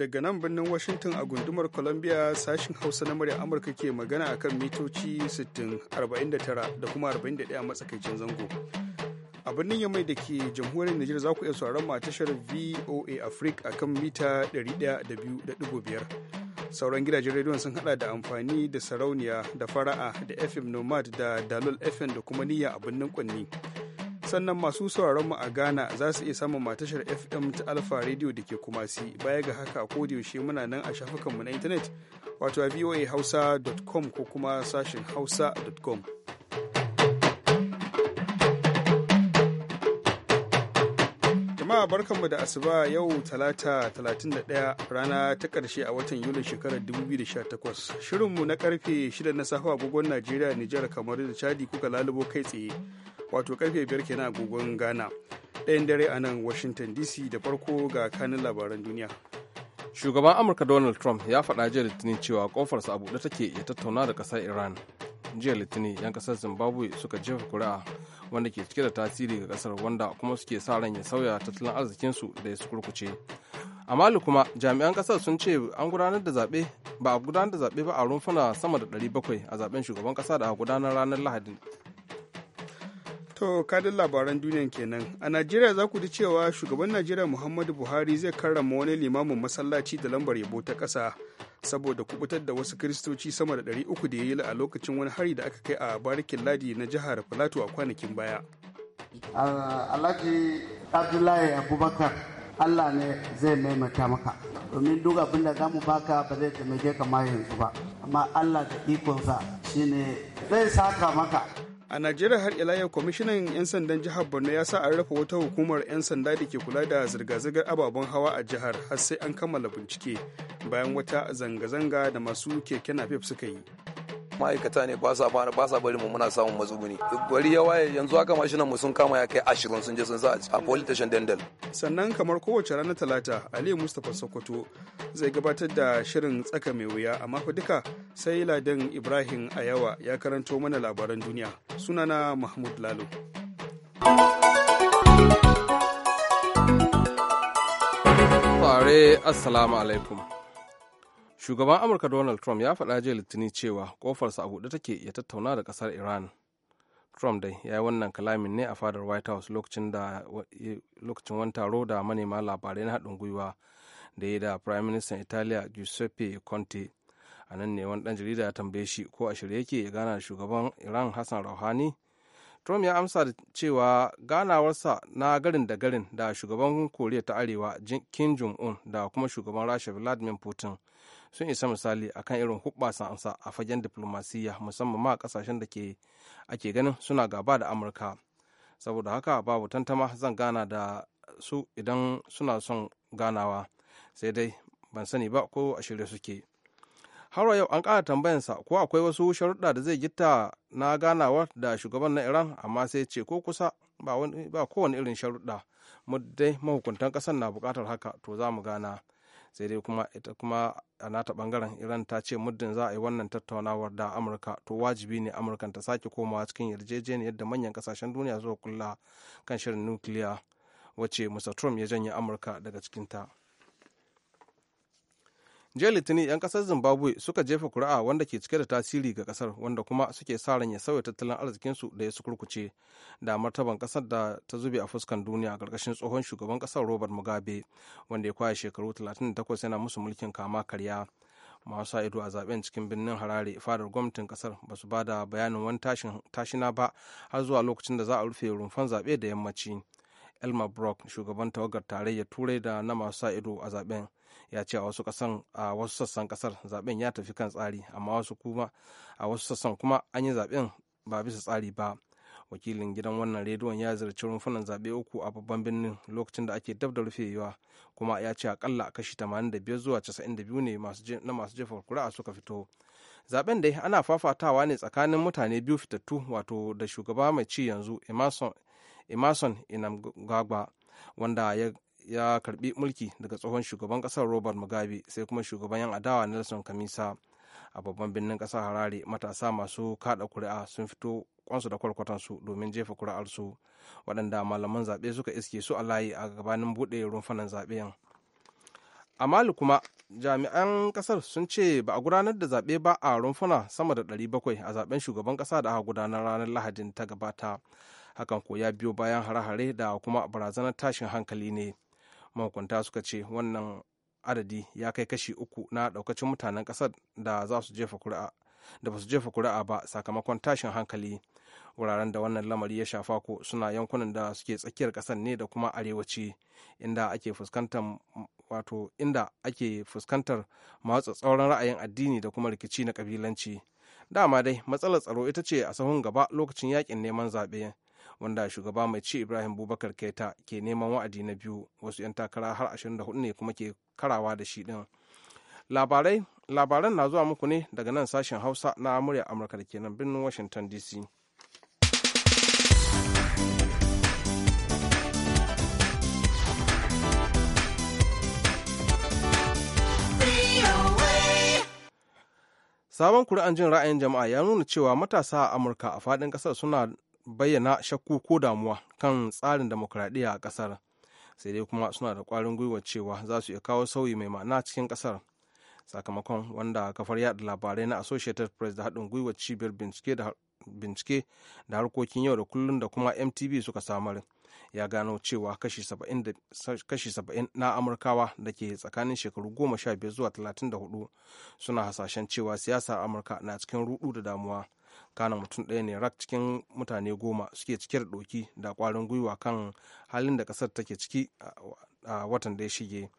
daga nan birnin Washington a gundumar Columbia sashin Hausa na murya Amurka ke magana akan mitoci 60, 49 da kuma 41 a matsakaicin zango. A birnin Yamai da ke jamhuriyar Nijar za ku iya sauraron ma tashar VOA Africa akan mita 102.5. Sauran gidajen rediyon sun hada da amfani da sarauniya da fara'a da FM Nomad da Dalol FM da kuma niyya a birnin Kwanni. sannan masu sauraron mu a Ghana za su iya samun matashar FM ta alfa Radio da ke Kumasi baya ga haka ko da yaushe muna nan a shafukanmu na intanet wato a voahausa.com ko kuma sashin hausa.com jama'a barkanmu da asuba yau talata 31 rana ta karshe a watan yulin shekarar 2018 shirinmu na karfe 6 na safe agogon najeriya nijar kamar da chadi kuka lalubo kai tsaye wato karfe biyar kenan agogon ghana dayan dare a nan washington dc da farko ga kanin labaran duniya shugaban amurka donald trump ya faɗa jiya litinin cewa kofarsa a buɗe take ya tattauna da ƙasar iran jiya litinin yan kasar zimbabwe suka jefa kuri'a wanda ke cike da tasiri ga kasar wanda kuma suke sa ran ya sauya tattalin arzikinsu da ya su kurkuce a mali kuma jami'an ƙasar sun ce an gudanar da zaɓe ba a gudanar da zaɓe ba a rumfuna sama da 700 a zaɓen shugaban ƙasa da a gudanar ranar lahadi. To kadin labaran duniyan kenan. A Najeriya za ku ji cewa shugaban Najeriya Muhammadu Buhari zai karrama wani limamin masallaci da lambar yabo ta kasa saboda kubutar da wasu kiristoci sama da 300 da ya yi a lokacin wani hari da aka kai a barikin ladi na jihar Filato a kwanakin baya. Alhaji Abdullahi Abubakar Allah ne zai maimaita maka domin duk abin da za mu baka ba zai taimake ka ma yanzu ba amma Allah da ikonsa shine zai saka maka a najeriya har ila yau kwamishinan 'yan sandan jihar borno ya sa an rafa wata hukumar 'yan sanda da ke kula da zirga-zirgar ababen hawa a jihar har sai an kammala bincike bayan wata zanga-zanga da masu keke napep suka yi ma'aikata ne ba sa ba sa bari mu muna samun matsuguni gwari ya waye yanzu haka mashinan mu sun kama ya kai ashirin sun je sun sa a police station dandal sannan kamar kowace ranar talata ali mustapha sokoto zai gabatar da shirin tsaka mai wuya amma fa duka sai ladan ibrahim ayawa ya karanto mana labaran duniya sunana mahmud lalo Assalamu alaikum. shugaban amurka donald trump ya faɗa jiya litinin cewa kofarsa a buɗe take ya tattauna da ƙasar iran trump dai ya yi wannan kalamin ne a fadar white house lokacin wani taro da manema labarai na haɗin gwiwa da ya da prime minister italiya giuseppe conte a nan ne wani ɗan jarida ya tambaye shi ko a shirye yake ya gana da shugaban iran hassan rouhani trump ya amsa da cewa ganawarsa na garin da garin da shugaban koriya ta arewa kim jong-un da kuma shugaban rasha vladimir putin sun isa misali a kan irin ansa a fagen diplomasiyya musamman ma kasashen da ke ake ganin suna gaba da amurka saboda haka babu tantama zan gana da su idan suna son ganawa sai dai ban sani ba ko a shirye suke har yau an kara tambayansa ko akwai wasu sharuɗa da zai gita na ganawar da shugaban na iran amma sai ce ko kusa ba kowane irin sharuɗa mu mahukuntan ƙasar na buƙatar haka to za mu gana sai dai kuma ita kuma a nata bangaren iran ta ce muddin za a yi wannan tattaunawar da amurka to wajibi ne amurkan ta sake komawa cikin yarjejeniyar da manyan kasashen duniya zuwa kulla kan shirin nukiliya wacce mr trump ya janye amurka daga cikinta. ta jiya litinin 'yan kasar zimbabwe suka jefa kuri'a wanda ke cike da tasiri ga kasar wanda kuma suke sa ran ya sauya tattalin arzikinsu da ya sukurkuce da martaban kasar da ta zube a fuskan duniya a ƙarƙashin tsohon shugaban kasar robert mugabe wanda ya kwaya shekaru 38 yana musu mulkin kama karya masu ido a zaben cikin birnin harare fadar gwamnatin kasar ba su ba da bayanin wani tashina ba har zuwa lokacin da za a rufe rumfan zaɓe da yammaci elmar brock shugaban tawagar tarayyar turai da na masu ido a zaben ya ce a wasu kasan a wasu sassan kasar zaben ya tafi kan tsari amma wasu kuma a wasu sassan kuma an yi zaben ba bisa tsari ba wakilin gidan wannan rediyon ya ziyarci rumfunan zaɓe uku a babban birnin lokacin da ake dab da rufewa kuma ya ce akalla kashi 85 zuwa 92 ne na masu jefa kura suka fito zaben dai ana fafatawa ne tsakanin mutane biyu fitattu wato da shugaba mai ci yanzu emerson inamgagwa wanda ya ya karbi mulki daga tsohon shugaban kasar robert mugabe sai kuma shugaban yan adawa nelson kamisa a babban birnin kasar harare matasa masu kada kuri'a sun fito kwansu da kwarkwatansu domin jefa kuri'arsu waɗanda malaman zaɓe suka iske su a layi a gabanin buɗe rumfanan zaɓen a mali kuma jami'an kasar sun ce ba a gudanar da zaɓe ba a rumfuna sama da ɗari bakwai a zaɓen shugaban ƙasa da aka gudanar ranar lahadin ta gabata hakan ko ya biyo bayan hare-hare da kuma barazanar tashin hankali ne mahukunta suka ce wannan adadi ya kai kashi uku na daukacin mutanen kasar da za su jefa kuri'a da ba su jefa kuri'a ba sakamakon tashin hankali wuraren da wannan lamari ya shafa ko suna yankunan da suke tsakiyar kasar ne da kuma arewaci inda ake fuskantar wato inda ake fuskantar masu tsauran ra'ayin addini da kuma rikici na kabilanci dama dai matsalar tsaro ita ce a sahun gaba lokacin yakin neman zaɓe wanda shugaba mai ci ibrahim bubakar keta ke neman wa'adi na biyu wasu 'yan takara har 24 ne kuma ke karawa da shi din labarai labaran na zuwa muku ne daga nan sashen hausa na murya amurka da kenan birnin washington dc sabon kuri'an jin ra'ayin jama'a ya nuna cewa matasa a amurka a faɗin ƙasar suna bayyana shakku ko damuwa kan tsarin demokuraɗiyya a ƙasar sai dai kuma suna da ƙwarin gwiwa cewa za su iya kawo sauyi mai ma'ana cikin ƙasar sakamakon wanda kafar yaɗa labarai na associated press da haɗin gwiwa cibiyar bincike da harkokin yau da kullum da kuma mtv suka samar ya gano cewa kashi 70 na amurkawa da ke tsakanin shekaru 15 zuwa 34 suna hasashen cewa siyasar amurka na cikin rudu da damuwa kana mutum ɗaya ne rak cikin mutane goma suke cike da ɗoki da ƙwarin gwiwa kan halin da ƙasar take ciki a watan da ya shige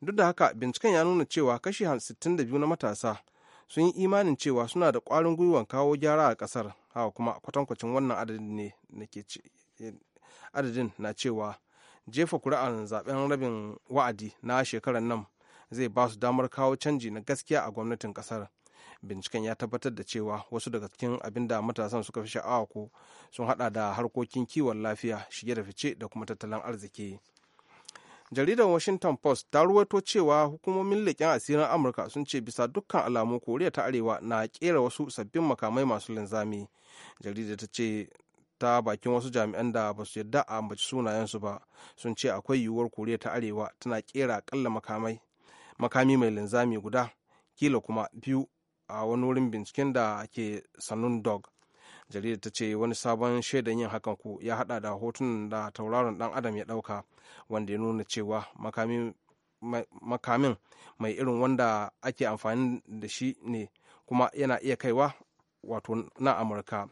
duk da haka binciken ya nuna cewa kashi 62 na matasa sun yi imanin cewa suna da ƙwarin gwiwan kawo gyara a ƙasar hawa kuma kwatankwacin wannan adadin na cewa jefa kuri'ar zaben rabin wa'adi na shekarar nan zai ba su damar kawo canji na gaskiya a gwamnatin ƙasar. binciken ya tabbatar da cewa wasu daga cikin abin da matasan suka fi sha'awa ko sun hada da harkokin kiwon lafiya shige da fice da kuma tattalin arziki jaridar washington post ta ruwaito cewa hukumomin leƙen asirin amurka sun ce bisa dukkan alamu koriya ta arewa na kera wasu sabbin makamai masu linzami jaridar ta ce ta bakin wasu jami'an da ba su yarda a ambaci sunayensu ba sun ce akwai yiwuwar koriya ta arewa tana kera akalla makami mai linzami guda kila kuma biyu a wani wurin binciken da ke sanun dog jaridar ta ce wani sabon shaidan yin hakan ku ya hada da hotunan da tauraron dan adam ya dauka wanda ya nuna cewa makamin mai irin wanda ake amfani da shi ne kuma yana iya kaiwa wato na amurka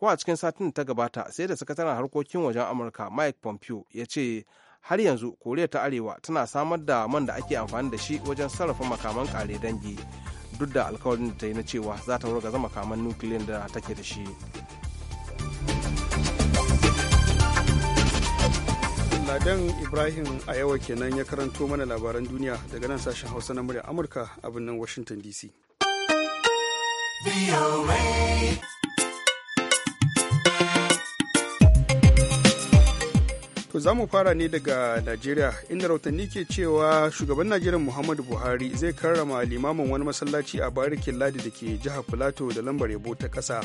ko a cikin satin ta gabata sai da sakataren harkokin wajen amurka mike pompeo ya ce har yanzu koriya ta arewa tana samar da man da ake amfani da shi wajen sarrafa makaman kare dangi duk da alkawarin da ta yi na cewa za ta zama kaman nukiliyan da take da shi ladan ibrahim a yawa kenan ya karanto mana labaran duniya daga nan sashen hausa na murya amurka a birnin washington dc za mu fara ne daga najeriya inda rautanni ke cewa shugaban najeriya muhammadu buhari zai karrama limamin wani masallaci a barikin ladi da ke jihar filato da lambar yabo ta ƙasa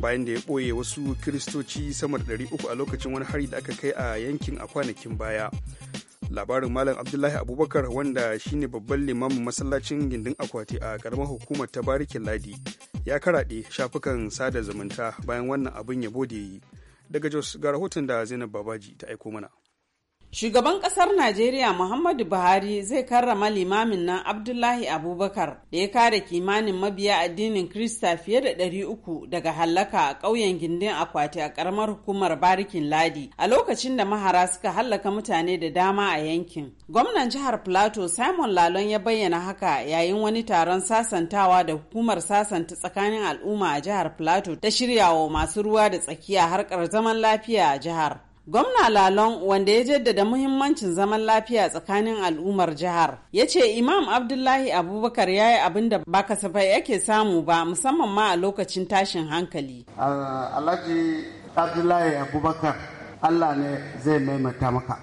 bayan da ya ɓoye wasu kiristoci sama da 300 a lokacin wani hari da aka kai a yankin a kwanakin baya labarin malam abdullahi abubakar wanda shine babban limamin masallacin gindin akwati a karamar hukumar ta barikin ladi ya karaɗe shafukan sada zumunta bayan wannan abin yabo da ya yi daga jos ga rahoton da zainab babaji ta aiko mana Shugaban kasar Najeriya Muhammadu Buhari zai karrama limamin nan Abdullahi Abubakar da ya kare kimanin mabiya addinin Krista fiye da ɗari uku daga hallaka a ƙauyen gindin akwati a ƙaramar hukumar Barikin Ladi a lokacin da mahara suka hallaka mutane da dama a yankin. Gwamnan jihar Plateau Simon Lalon ya bayyana haka yayin wani taron sasantawa da hukumar sasanta tsakanin al'umma a jihar Plateau ta shirya wa masu ruwa da tsakiya harkar zaman lafiya a jihar. Gwamna Lalon wanda ya jaddada muhimmancin zaman lafiya tsakanin al'ummar jihar ya ce Imam Abdullahi Abubakar ya yi abin da ba kasafai yake samu ba musamman ma a lokacin tashin hankali. Alhaji Abdullahi Abubakar Allah ne zai maimaita maka.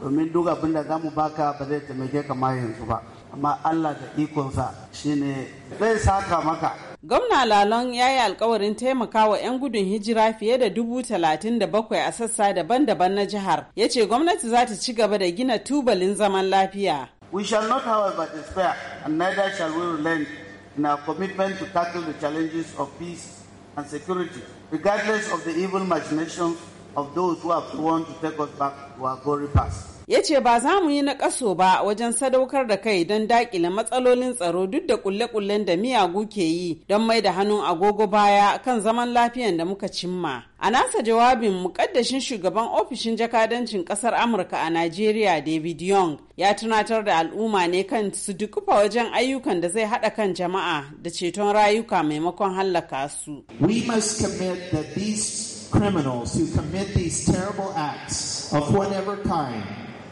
Domin duk abin da mu baka ba zai taimake ka ma yanzu ba. Amma Allah da ikonsa shine zai saka maka Gwamna Lalon ya yi alkawarin taimakawa 'yan gudun hijira fiye da dubu talatin da bakwai a sassa daban-daban na jihar. Ya ce gwamnati za ta ci gaba da gina tubalin zaman lafiya. We shall not however despair and neither shall we relent in our commitment to tackle the challenges of peace and security, regardless of the evil machinations of those who have sworn to take us back to our glory past. ya ce ba za mu yi na kaso ba wajen sadaukar da kai don dakile matsalolin tsaro duk da kulle-kullen da miyagu ke yi don mai da hannun agogo baya kan zaman lafiyan da muka cimma. A nasa jawabin mukaddashin shugaban ofishin jakadancin kasar Amurka a Najeriya David Young ya tunatar da al'umma ne kan su dukufa wajen ayyukan da zai haɗa kan jama'a da ceton rayuka maimakon hallaka su. We must commit that these criminals who commit these terrible acts of whatever kind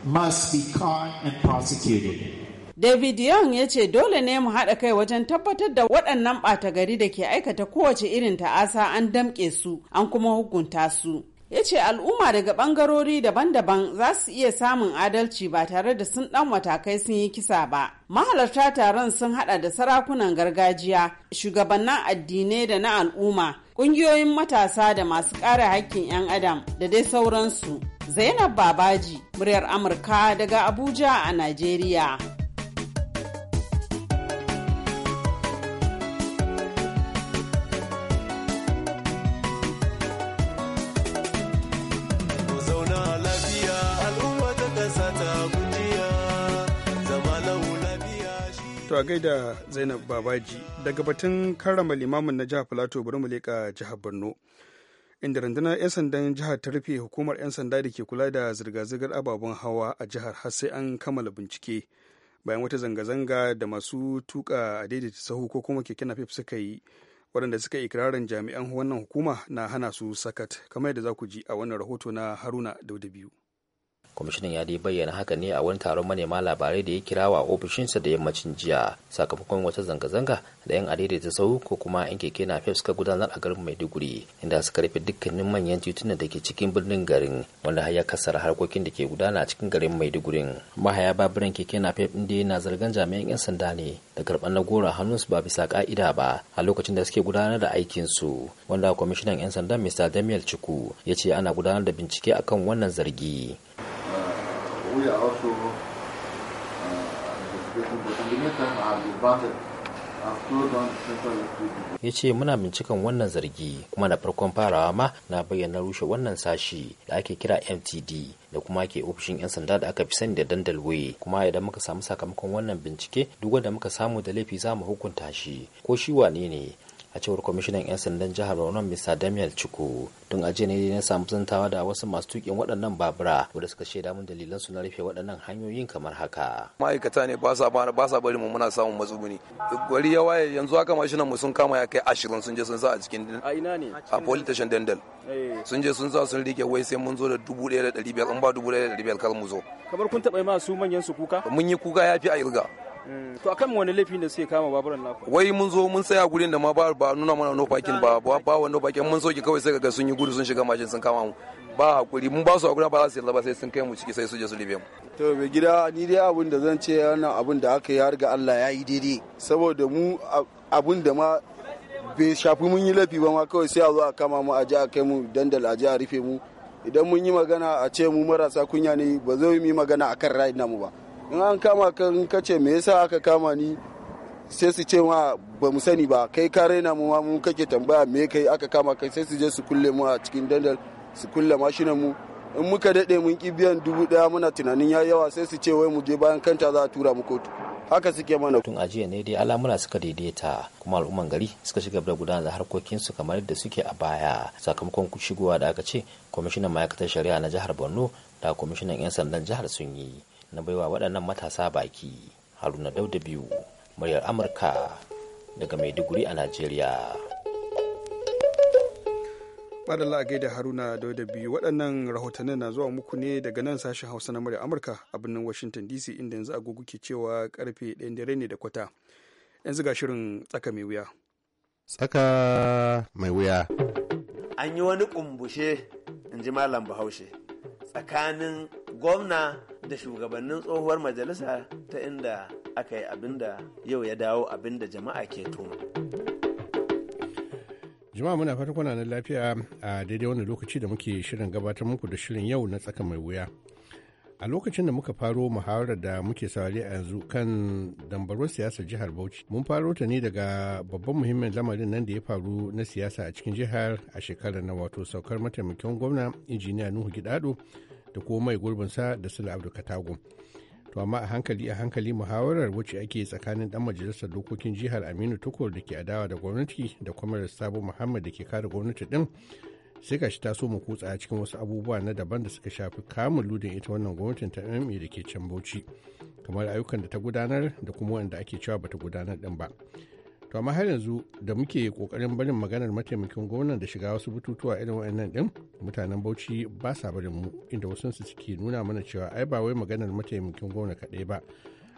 must be caught and prosecuted. David Young ya ce dole ne mu haɗa kai wajen tabbatar da waɗannan ɓata gari da ke aikata kowace irin ta'asa an damƙe su an kuma hukunta su. Ya ce al'umma daga ɓangarori daban-daban za su iya samun adalci ba tare da sun ɗan matakai sun yi kisa ba. Mahalarta taron sun haɗa da sarakunan gargajiya, shugabannin addinai da na al'umma, ƙungiyoyin matasa da masu ƙara haƙƙin 'yan adam da dai sauransu. Zainab Babaji, muryar Amurka daga Abuja a Najeriya. To a gaida Zainab Babaji daga batun karrama limamin na jihar Filato bari mu leƙa jihar Borno. inda rundunar 'yan sandan jihar ta rufe hukumar 'yan sanda da ke kula da zirga-zirgar ababen hawa a jihar har sai an kammala bincike bayan wata zanga-zanga da masu tuka a daidaita sahu ko kuma keke napep suka yi waɗanda suka ikirarin jami'an wannan hukuma na hana su sakat kamar yadda za ku ji a wannan rahoto na haruna daudabiyu biyu kwamishinan ya dai bayyana haka ne a wani taron manema labarai da ya kira wa ofishinsa da yammacin jiya sakamakon wata zanga-zanga da yan ta sau ko kuma yan keke na fef suka gudanar a garin maiduguri inda suka rufe dukkanin manyan titunan da ke cikin birnin garin wanda har ya kasara harkokin da ke gudana a cikin garin maiduguri mahaya babiran keke na fef inda yana zargan jami'an yan sanda ne da karɓar na gora su ba bisa ka'ida ba a lokacin da suke gudanar da aikinsu wanda kwamishinan yan sanda mr damiel chuku ya ce ana gudanar da bincike akan wannan zargi we also uh, ya ce muna bincikan wannan zargi kuma na farkon farawa ma na bayyana rushe wannan sashi da ake kira mtd da kuma ke ofishin 'yan sanda da aka fi sani da waye kuma idan muka samu sakamakon wannan bincike duk wanda muka samu da laifi za mu hukunta shi ko shi wane ne a cewar kwamishinan 'yan sandan jihar Borno Mr. Daniel Chukwu. Tun aje ne na samu zantawa da wasu masu tukin waɗannan babura wanda suka shaida mun dalilan su na rufe waɗannan hanyoyin kamar haka. Ma'aikata ne ba sa ba sa bari mu muna samun matsuguni. Gwari ya waye yanzu haka mashinan mu sun kama ya kai ashirin sun je sun sa a cikin a ina ne a police station eh. Sun je sun sa sun rike wai sai mun zo da dubu ɗaya da ɗari biyar in ba dubu ɗaya da ɗari biyar kar mu zo. Kamar kun taɓa yi ma su manyan su kuka? Mun yi kuka ya fi a irga. Mm. to akan wani laifi da suke kama baburan naku wai mun zo mun tsaya gurin da ma ba ba nuna mana no parking ba ba ba wani parking mun soki kawai sai ga sun yi gudu sun shiga mashin sun kama mu ba hakuri mun ba su hakuri ba za su yarda ba sai sun kai mu ciki sai su je su libe mu to mai gida ni dai abin da zan ce wannan abin da aka yi har ga Allah ya yi daidai saboda mu abin da ma bai shafi mun yi laifi ba ma kawai sai a zo a kama mu a je a kai mu dandal a je a rufe mu idan mun yi magana a ce mu marasa kunya ne ba zai yi magana akan ra'ayin namu ba in an kama kan kace me yasa aka kama ni sai su ce ba mu sani ba kai ka raina mu ma mu kake tambaya me kai aka kama kai sai su je su kulle mu a cikin dandal su kulle mashinan mu in muka daɗe mun ki biyan dubu daya muna tunanin ya yawa sai su ce wai mu je bayan kanta za a tura mu kotu haka suke mana tun ajiya ne dai alamuna suka daidaita kuma al'umman gari suka shiga da gudanar da harkokinsu kamar yadda suke a baya sakamakon shigowa da aka ce kwamishinan ma'aikatar shari'a na jihar borno da kwamishinan 'yan sandan jihar sun yi na baiwa waɗannan matasa baki haruna dauda biyu muryar amurka daga maiduguri a najeriya madalla a gaida haruna dauda biyu waɗannan rahotannin na zuwa muku ne daga nan sashen hausa na muryar amurka a birnin washington dc inda yanzu agogo ke cewa karfe ɗayan dare ne da kwata yanzu ga shirin tsaka mai wuya tsaka mai wuya an yi wani kumbushe in ji malam bahaushe tsakanin gwamna da shugabannin tsohuwar majalisa ta inda aka yi abinda yau ya dawo abinda jama'a ke tuma. jama'a muna fatan kuna lafiya a daidai wani lokaci da muke shirin gabatar muku da shirin yau na tsaka mai wuya a lokacin da muka faro muhawarar da muke saurari a yanzu kan dambarwar siyasar jihar bauchi mun faro ta ne daga babban muhimmin lamarin nan da ya faru na siyasa a cikin jihar a shekarar na wato saukar mataimakin gwamna injiniya nuhu gidado da kuma mai gurbinsa da sula abdul katago to amma a hankali a hankali muhawarar wacce ake tsakanin dan majalisar dokokin jihar aminu tukur da ke adawa da gwamnati da kwamar sabo muhammad da ke kare gwamnati din sai gashi ta so mu kutsa cikin wasu abubuwa na daban da suka shafi kamun ludin ita wannan gwamnatin ta MMA e da ke can Bauchi kamar ayyukan da ta gudanar da kuma wanda ake cewa ba ta gudanar din ba to amma har yanzu da muke kokarin barin maganar mataimakin gwamnan da shiga wasu bututuwa irin wayannan din mutanen Bauchi ba sa barin mu inda wasu su suke nuna mana cewa ai ba wai maganar mataimakin gwamna kaɗai ba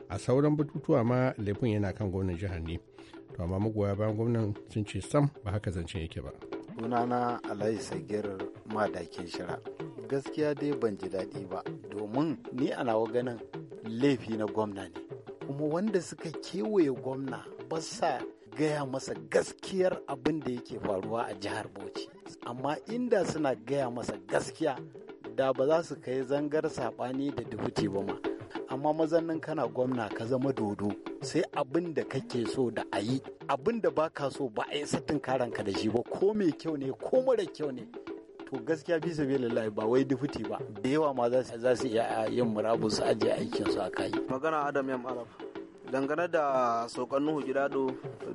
a sauran batutuwa ma laifin yana kan gwamnan jihar ne to amma magoya bayan gwamnan sun ce sam ba haka zancen yake ba. sunana alayi sagir madakin shira gaskiya dai ban ji daɗi ba domin ni a nawa ganin laifi na gwamna ne kuma wanda suka kewaye gwamna ba sa gaya masa gaskiyar abin da yake faruwa a jihar bauchi amma inda suna gaya masa gaskiya da ba za su kai zangar saɓani da dubuti ba ma amma mazannin kana gwamna ka zama dodo sai abin da kake so da a yi abin da ba ka so ba a yi sattin ka da shi ba ko mai kyau ne ko mara kyau ne to gaskiya bi sabi lallai ba wai dufuti ba da yawa ma za su iya yin murabus aje aikin su a kayi magana adam yam arab dangane da saukan nuhu gidado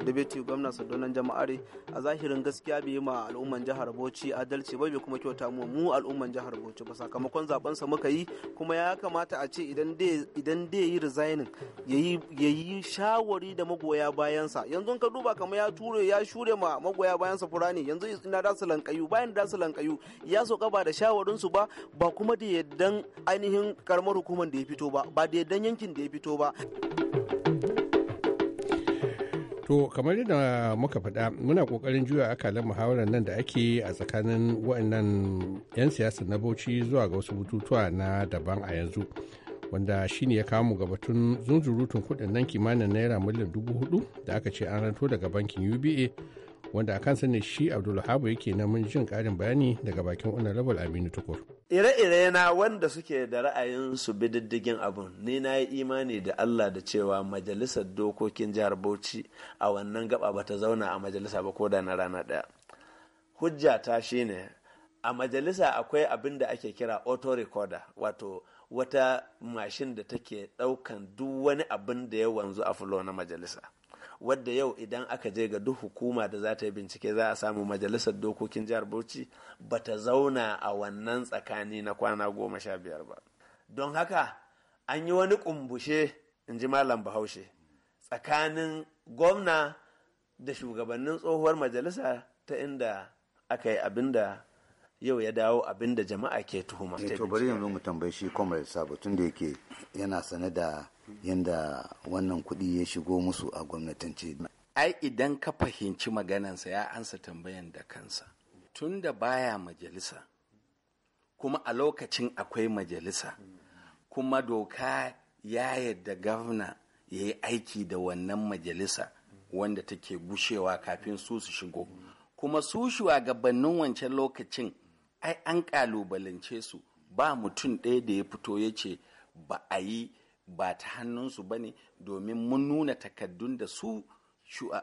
dabiti gwamna sadonan jama'are a zahirin gaskiya bai ma al'umman jihar bauchi adalci ba bai kuma kyauta mu mu al'umman jihar bauchi ba sakamakon zaben sa muka yi kuma ya kamata a ce idan dai yi resigning yayi yayi shawari da magoya bayan sa yanzu ka duba kamar ya ture ya shure ma magoya bayan sa furani yanzu ina da su lankayu bayan da su lankayu ya soka ba da shawarin su ba ba kuma da yaddan ainihin karamar hukumar da ya fito ba ba da yaddan yankin da ya fito ba To kamar yadda muka faɗa muna ƙoƙarin juya akalan muhawarar nan da ake a tsakanin waɗannan 'yan siyasa na Bauchi zuwa ga wasu bututuwa na daban a yanzu. Wanda shi ne ya kawo mu ga batun zunzurutun kuɗin nan kimanin naira miliyan dubu hudu da aka ce an ranto daga bankin UBA wanda a kansa ne shi habu yake namun jin karin bayani daga bakin honorable aminu tukur ire-ire na wanda suke da ra'ayin su bididdigin diddigin abun ni na yi imani da allah da cewa majalisar dokokin jihar bauchi a wannan gaba bata zauna a majalisa ba ko da na rana daya hujja ta shine a majalisa akwai abin da ake kira auto recorder wato wata mashin da take daukan duk wani abin da ya wanzu a fulo na majalisa wadda yau idan aka je ga duk hukuma da za ta yi bincike za a samu majalisar dokokin jihar bauchi ba ta zauna a wannan tsakani na kwana goma sha biyar ba don haka an yi wani kumbushe in ji malam bahaushe tsakanin gwamna da shugabannin tsohuwar majalisa ta inda aka yi abin da yau ya dawo abin da jama'a ke tuhuma. Eh, to bari yanzu mu tambayi shi comrade sabo tun yake yana sane da yadda wannan kuɗi ya shigo musu a gwamnatance. Ai idan ka fahimci maganansa ya ansa tambayan da kansa. Tun da baya majalisa, kuma a lokacin akwai majalisa, kuma doka ya yadda gwamna ya yi aiki da wannan majalisa wanda take bushewa kafin su su shigo. Kuma su shugabannin wancan lokacin ai an ƙalubalance su ba mutum ɗaya da ya fito ya ce ba a yi ba ta hannunsu ba ne domin mun nuna takaddun da su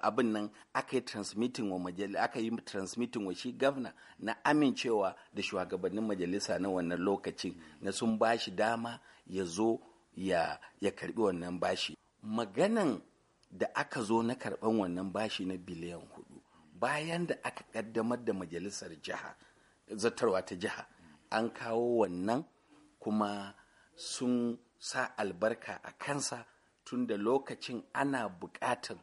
abin nan aka yi transmitting wa majalisa aka yi transmitting wa shi gavna na amincewa da shugabannin majalisa na wannan lokacin na sun bashi dama ya zo ya, ya karbi wannan bashi maganan da aka zo na karban wannan bashi na biliyan hudu bayan da aka kaddamar da majalisar jiha zartarwa ta jiha an kawo wannan kuma sun sa albarka a kansa tun da lokacin ana buƙatan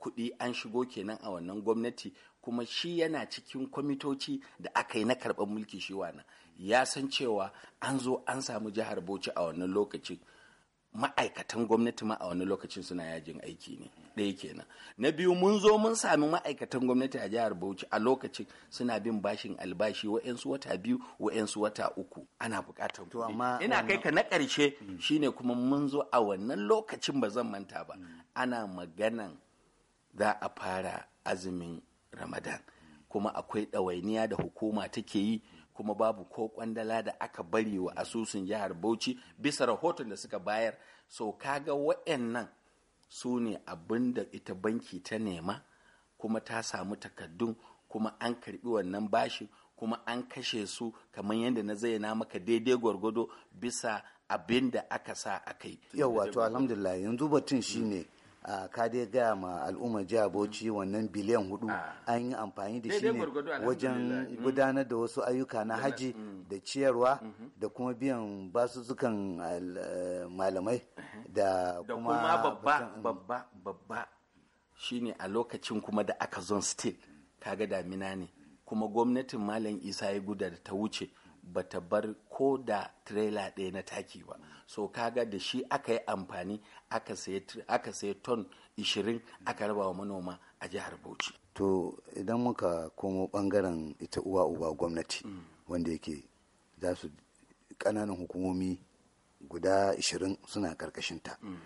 kuɗi an shigo kenan a wannan gwamnati kuma shi yana cikin kwamitoci da aka yi na karɓar mulki shi wana ya san cewa an zo an samu jihar bauchi a wannan lokacin ma'aikatan gwamnati ma a wani lokacin suna yajin aiki ne ɗaya kenan na biyu mun zo mun sami ma'aikatan gwamnati a jihar bauchi a lokacin suna bin bashin albashi wa'yansu wata biyu wa'yansu wata uku ana buƙatar amma ina kai ka na ƙarshe mm. shine kuma mun zo a wannan lokacin ba zan manta ba mm. ana maganan za a fara azumin ramadan kuma akwai ɗawainiya da hukuma take yi kuma babu ko kwandala da aka bari wa asusun jihar Bauchi bisa rahoton da suka bayar so kaga waɗannan su ne abin da ita banki ta nema kuma ta samu takaddun kuma an karbi wannan bashin kuma an kashe su kamar yadda na zayyana maka daidai gwargwado bisa abin da aka sa a kai. Yau wato alhamdulillah yanzu batun shine. Mm. ka dai gaya ma al'ummar jihar Bauchi wannan biliyan hudu ah. an yi amfani da shi ne wajen mm. gudanar da wasu ayyuka na haji mm. da ciyarwa mm-hmm. da kuma biyan basussukan eh, malamai mm-hmm. da kuma babba mm. babba babba shine a lokacin kuma da aka zon state kaga damina ne kuma gwamnatin malam isa ya guda da ta wuce bata bar ko da trailer ɗaya na taki ba so kaga da shi aka yi amfani aka sayi ton 20 aka raba wa manoma a jihar bauchi to idan muka komo bangaren ita uwa uba gwamnati mm. wanda yake za su kananan hukumomi guda 20 suna karkashin ta mm.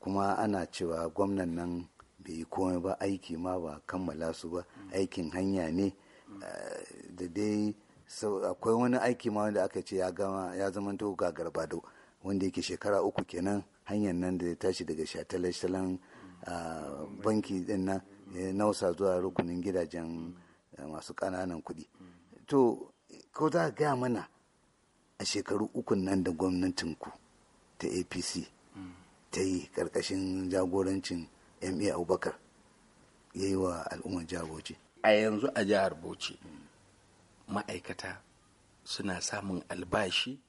kuma ana cewa gwamnan nan bai yi komai ba aiki ma ba kammala su ba mm. aikin hanya ne eh, da dai so akwai wani aiki ma wanda aka ce ya gama ya zama to ga garbado wanda yake shekara uku kenan hanyar nan da ya tashi daga shatalashtalan ah, banki din nan ya nausa zuwa rukunin gidajen eh, masu kananan kuɗi to ko za gaya mana a shekaru ukun nan da gwamnatin ku ta apc ta yi ƙarƙashin jagorancin ma abubakar ya yi wa al'ummar jagoci a yanzu a jihar bauchi ma'aikata suna samun albashi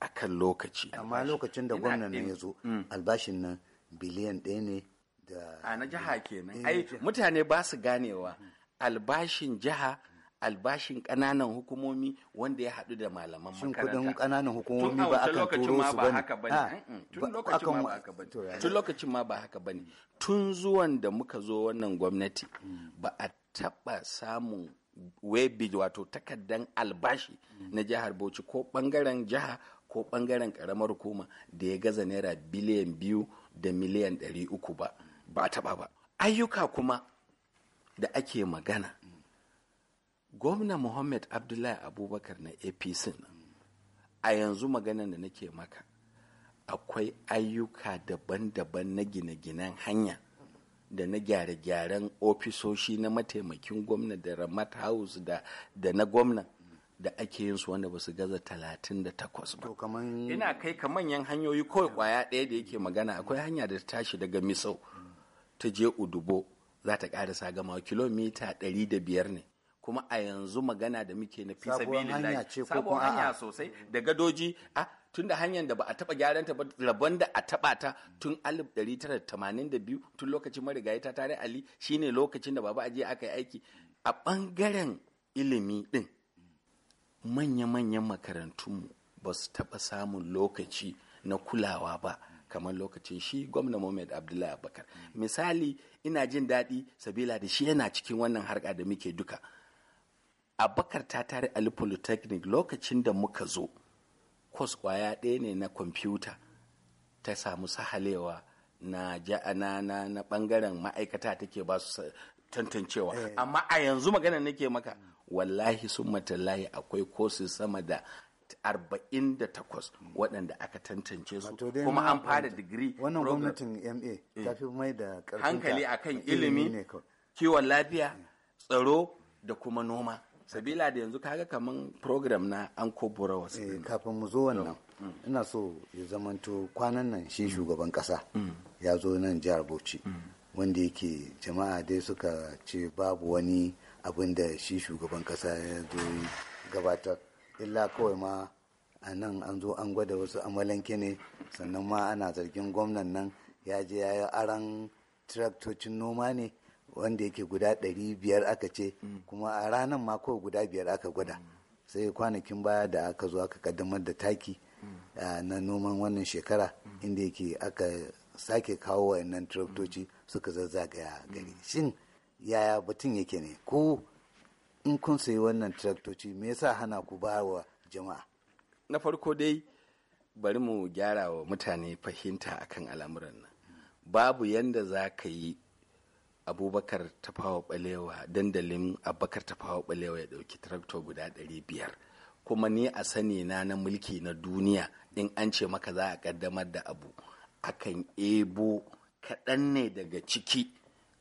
a kan lokaci amma lokacin da gwamnan ya zo mm. albashin nan biliyan ɗaya ne da a na jiha kenan ai mutane ba su ganewa albashin jiha albashin ƙananan hukumomi wanda ya haɗu da malaman makaranta. Shin kudin ƙananan hukumomi ba akan turo su ne. Tun lokacin ma ba haka ba ne. Tun zuwan da muka zo wannan gwamnati mm. ba a taɓa samun webil wato takardan albashi na jihar bauchi ko bangaren jiha ko bangaren karamar hukuma da ya gaza naira biliyan biyu da miliyan ɗari uku ba ba taɓa ba ayyuka kuma da ake magana gwamna muhammad abdullahi abubakar na apc a yanzu magana da nake maka akwai ayyuka daban-daban na gine-ginen hanya da na gyare-gyaren ofisoshi na mataimakin gwamna da ramat house da na gwamna da ake yin su wanda ba su gaza 38 ba. Ina kai ka manyan hanyoyi kawai kwaya ɗaya da yake magana akwai hanya da ta tashi daga Misau ta je Udubo za ta ƙarasa gama kilomita 500 ne. Kuma a yanzu magana da muke na fisa bilin hanya sosai da gadoji a tun da hanyar da ba a taba gyaran ta ba rabon da a taba ta tun 1982 tun lokacin marigayi ta tare ali shine lokacin da baba ajiye aka yi aiki a ɓangaren ilimi din manya-manyan makarantunmu ba su taɓa samun lokaci na kulawa ba kamar lokacin shi gwamna Mohamed Abdullahi Abubakar. Misali ina jin daɗi sabila da shi yana cikin wannan harka da muke duka. Abubakar ta tare Ali Polytechnic lokacin da muka zo takwas kwaya ɗaya ne na kwamfuta ta samu sahalewa na ja'ana na na bangaren ma'aikata take ba su tantancewa eh. amma a yanzu magana nake maka wallahi sun matallahi akwai kosi sama da arba'in 48 waɗanda aka tantance su kuma an fara digiri wannan gwamnatin ma eh. ta fi mai da hankali akan ilimi kiwon lafiya eh. tsaro da kuma noma sabila da yanzu kaga kaman program na an kobora wasu eh, kafin mu zo wannan mm. ina so ya zamanto kwanan nan shi mm. shugaban kasa mm. ya zo nan jihar bauchi wanda yake jama'a dai suka ce babu wani abin da shi shugaban kasa ya zo gabatar illa kawai ma a nan an zo an gwada wasu amalanke ne sannan ma ana zargin gwamnan nan ya je ya yi aran traktocin noma ne wanda yake guda ɗari biyar aka ce mm. kuma a ranar mako guda biyar aka gwada mm. sai kwanakin baya da aka zo aka kaddamar da taki mm. na noman wannan shekara inda yake aka sake kawo wayannan traktoci suka zazzagaya gari shin yaya batun yake ne ko in kun sayi wannan traktoci me yasa hana ku ba wa jama'a na farko dai bari mu gyara wa mutane fahimta akan al'amuran nan babu yanda za ka yi abubakar tafawa balewa dandalin abubakar tafawa balewa ya dauki tarakto guda 500 kuma ni a sani na na mulki na duniya in an ce maka za a kaddamar da abu akan ebo kaɗan ne daga ciki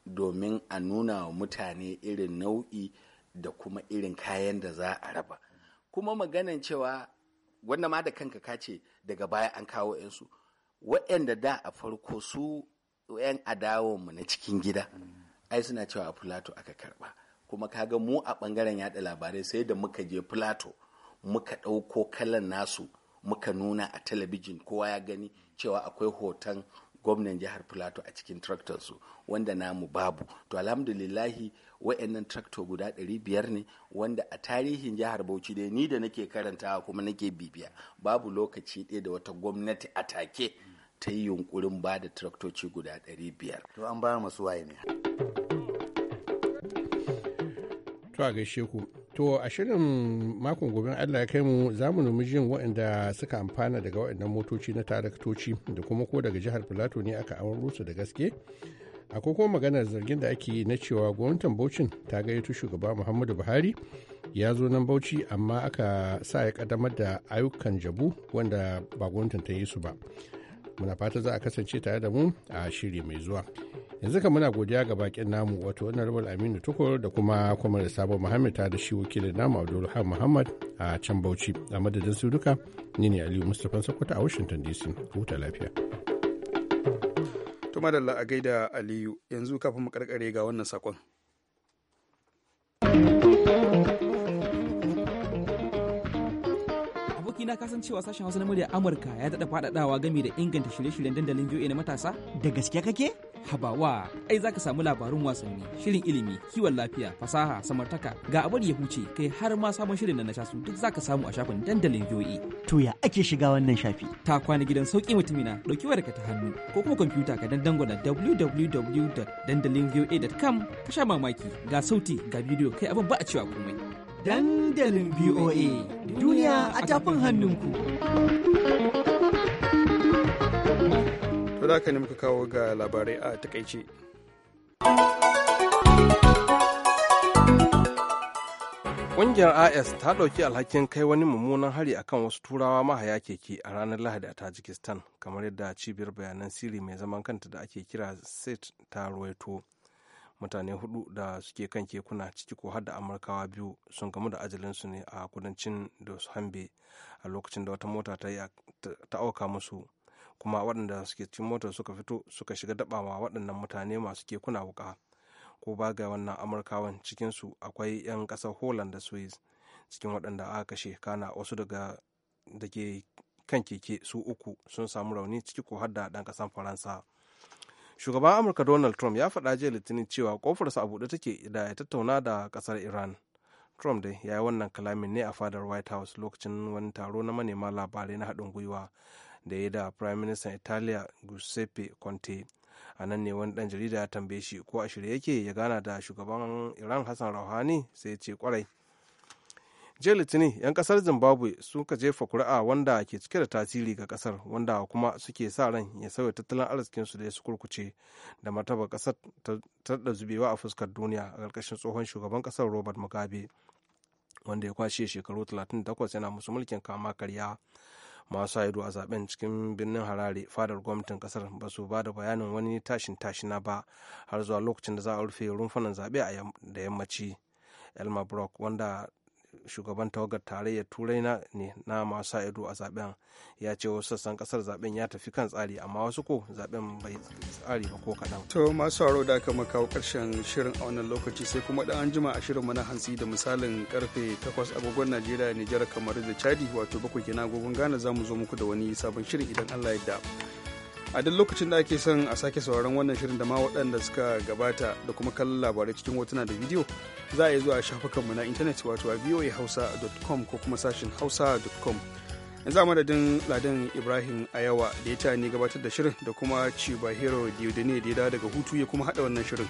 domin a nuna wa mutane irin nau'i da kuma irin kayan da za a raba kuma maganan cewa wanda ma da kanka kace daga baya an kawo 'yansu waɗanda da a farko su 'yan mu na cikin gida ai suna cewa a plato aka karba kuma kaga mu a bangaren yada labarai sai da muka je plato muka ɗauko kalan nasu muka nuna a talabijin kowa ya gani cewa akwai hoton gwamnan jihar plateau a cikin su wanda namu babu to alhamdulillahi wa'annan tractor guda 500 ne wanda a tarihin jihar bauchi dai ni da nake karantawa kuma nake bibiya babu lokaci ɗaya da wata gwamnati a take ta yi yunkurin ba da traktoci guda 500 to an ba masu waye ne to a gaishe ku to a shirin makon gobe allah ya kai mu zamu mu nemi jin waɗanda suka amfana daga waɗannan motoci na taraktoci da kuma ko daga jihar plateau ne aka auro su da gaske akwai kuma maganar zargin da ake yi na cewa gwamnatin bauchin ta gayyato shugaba muhammadu buhari ya zo nan bauchi amma aka sa ya kaddamar da ayyukan jabu wanda ba gwamnatin ta yi su ba muna fata za a kasance tare da mu a shiri mai zuwa yanzu kan muna godiya ga bakin namu wato rabar aminu tukur da kuma kwamar sabon muhammad ta da shi wakilin namu abdulrahman muhammad a can bauchi a madadin su duka ni ne aliyu mustapha sokoto a washington dc huta lafiya to madalla a gaida aliyu yanzu kafin mu karkare ga wannan sakon na kasan cewa sashen Hausa na murya Amurka ya daɗa faɗaɗawa gami da inganta shirye-shiryen dandalin VOA na matasa? Da gaske kake? Habawa, ai za ka samu labarun wasanni, shirin ilimi, kiwon lafiya, fasaha, samartaka, ga abar ya huce kai har ma sabon shirin na nasasu duk za ka samu a shafin dandalin VOA. To ya ake shiga wannan shafi? Ta kwana gidan sauki mutumina, ɗauki wayarka ta hannu ko kuma kwamfuta ka dan dangwala www.dandalinvoa.com ka sha mamaki ga sauti ga bidiyo kai abin ba a cewa komai. dandalin boa duniya a tafin hannunku. To da ne muka kawo ga labarai a takaice. Ƙungiyar IS ta ɗauki alhakin kai wani mummunan hari akan wasu turawa mahaya keke a ranar Lahadi a Tajikistan, kamar yadda cibiyar bayanan sirri mai zaman kanta da ake kira SET ta ruwaito. mutane hudu da suke kan kekuna ciki ko har da amurkawa biyu sun gamu da ajalinsu ne a kudancin da hambe a lokacin da wata mota ta auka musu kuma waɗanda suke cikin motar suka fito suka shiga dabawa waɗannan mutane masu kekuna wuka ko ba ga wannan amurkawan cikinsu akwai 'yan ƙasar holland da swiss cikin waɗanda aka kashe kana wasu daga da ke kan keke su uku sun samu rauni ciki ko har da ɗan ƙasar faransa shugaban amurka donald trump ya faɗa jiya litinin cewa kofarsa a buɗe take da ya tattauna da ƙasar iran trump dai ya yi wannan kalamin ne a fadar white house lokacin wani taro na manema labarai na haɗin gwiwa da ya da prime minister italia giuseppe conte a nan ne wani ɗan jarida ya tambaye shi ko a shirye yake ya gana da shugaban iran hassan rouhani sai ce kwarai jiya litini 'yan kasar zimbabwe suka jefa kuri'a wanda ke cike da tasiri ga kasar wanda kuma suke sa ran ya sauya tattalin arzikinsu da ya su kurkuce da martaba kasar ta da zubewa a fuskar duniya a ƙarƙashin tsohon shugaban kasar robert mugabe wanda ya kwashe shekaru 38 yana musu mulkin kama karya masu ido a zaben cikin birnin harare fadar gwamnatin kasar ba su ba da bayanin wani tashin tashina ba har zuwa lokacin da za a rufe rumfanan zaɓe da yammaci elmer brock wanda shugaban tawagar tarayyar turai na ne na masu ido a zaben ya ce wasu sassan kasar zaben ya tafi kan tsari amma wasu ko zaben bai tsari ba ko kaɗan. to masu haro da aka makawo karshen shirin a wannan lokaci sai kuma da anjima a shirin mana hantsi da misalin karfe 8 agogon najeriya nijar kamar da chadi wato bakwai kenan agogon ghana za mu zo muku da wani sabon shirin idan allah ya da. a duk lokacin da ake son a sake sauraron wannan shirin da ma waɗanda suka gabata da kuma kallon labarai cikin hotuna da bidiyo za a yi zuwa shafukanmu na intanet wato a voahausa.com ko kuma sashin hausa.com yanzu a madadin ladan ibrahim ayawa da ya ta ni gabatar da shirin da kuma chibahiro diodane da ya dawo daga hutu ya kuma haɗa wannan shirin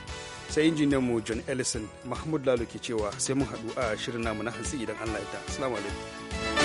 sai injiniyan mu john ellison mahmud lalo ke cewa sai mun haɗu a shirin namu na hantsi idan allah ya ta alaikum